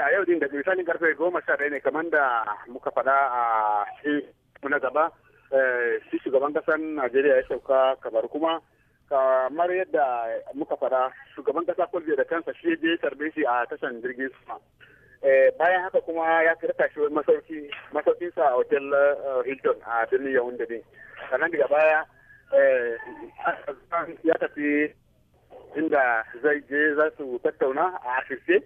a yau din da misalin karfe goma sha ɗaya ne kamar da muka faɗa a shi na gaba eh, shi shugaban ƙasar najeriya ya sauka kamar kuma kamar yadda muka faɗa shugaban ƙasa kwalbe da kansa shi je tarbe shi a tashan jirgin sama eh, bayan haka kuma ya karta shi masauki masaukinsa a hotel eh, hilton a birnin yawon din sannan daga baya ya tafi inda zai je za su tattauna a asirce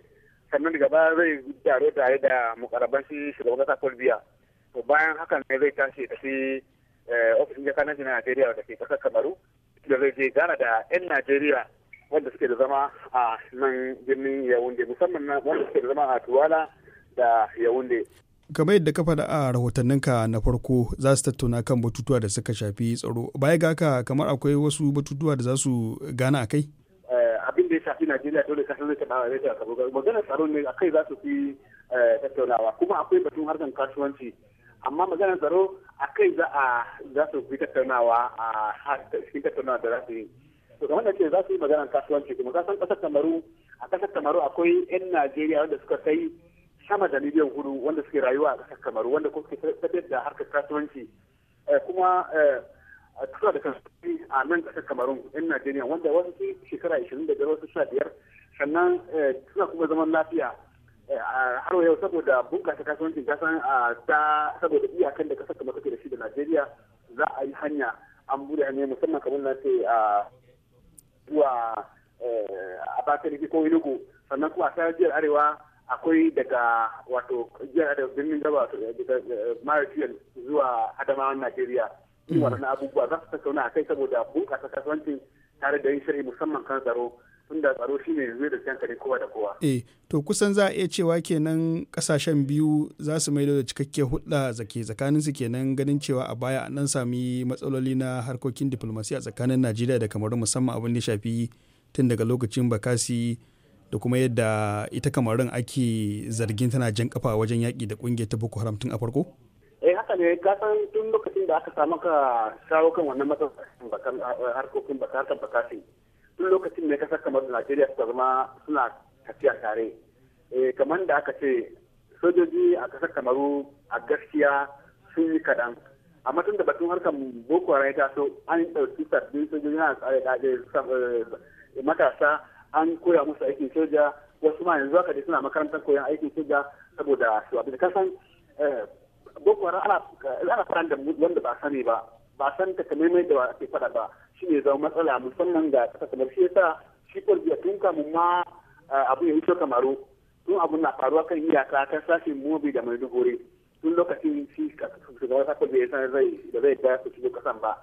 sannan gaba zai taro tare da mukarraban shi shugaban kasa Biya to bayan hakan ne zai tashi da shi eh, ofishin jaka na Najeriya da ke kasar Kamaru da zai je gana da 'yan Najeriya wanda suke da zama a nan birnin Yaounde musamman wanda suke da zama a Tuwala da Yaounde. kamar yadda ka faɗa a rahotannin ka na farko za su tattauna kan batutuwa da suka shafi tsaro baya ga haka kamar akwai wasu batutuwa da za su gana a kai? shafi Najeriya dole kasar zai taɓa zai taɓa kabo magana tsaro ne akai za su fi eh, tattaunawa kuma akwai batun harkar kasuwanci amma magana tsaro akai za a za su fi tattaunawa a cikin tattaunawa da za su yi to kamar da ce za su yi magana kasuwanci kuma ka san kasar Kamaru a kasar Kamaru akwai 'yan Najeriya wanda suka kai sama da miliyan hudu wanda suke rayuwa a kasar Kamaru wanda kuma suke tafiyar da harkar kasuwanci eh, kuma eh, a tura da kasance a nan ƙasar kamarun yan najeriya wanda wasu sun shekara ishirin da wasu sha biyar sannan eh, suna kuma zaman lafiya eh, har yau saboda bunƙasa kasuwancin kasan ta saboda iyakan da kasar kamar take da shi da najeriya za a yi hanya an bude hanya musamman kamar na ce a zuwa eh, a bakariki ko inugu sannan kuma a jiyar arewa akwai daga wato jihar arewa birnin gaba daga marifiyar zuwa adamawan najeriya shi mm. waɗannan abubuwa za su tattauna a kai saboda bunƙasa kasuwancin tare da yin shiri musamman kan tsaro tunda tsaro shi ne zai da kare kowa da kowa. Eh, to kusan za a iya cewa kenan kasashen biyu za su maido da cikakkiyar hulɗa zake tsakanin su kenan ganin cewa a baya an nan sami matsaloli na harkokin diplomasiya tsakanin Najeriya da kamar musamman abin da shafi tun daga lokacin Bakasi da kuma yadda ita kamarin ake zargin tana jan kafa wajen yaƙi da ƙungiyar ta Boko Haram tun a farko. Eh haka ne kasan tun lokacin da aka samu ka shawo kan wannan matsalolin bakan harkokin bakatan bakasin tun lokacin ne kasar kamar Najeriya suka zama suna tafiya tare eh, kamar da aka ce sojoji a kasar kamaru a gaskiya sun yi kaɗan amma tun da batun harkar boko haram ya taso an ɗauki sabbin sojoji na tsare da eh, matasa an koya musu aikin soja wasu ma yanzu aka dai suna makarantar koyon aikin soja saboda su abin kasan eh, boko haram ana faɗa da wanda ba sani ba ba san takamaimai da ake faɗa ba shi zama matsala musamman ga ƙasa kamar shi yasa shi kwarbiya tun kamun ma abu ya wuce kamaru tun abu na faruwa kan iyaka ka sashen mobi da mai dogore tun lokacin shi shugaban kasa da ya san zai da zai ta su shigo kasan ba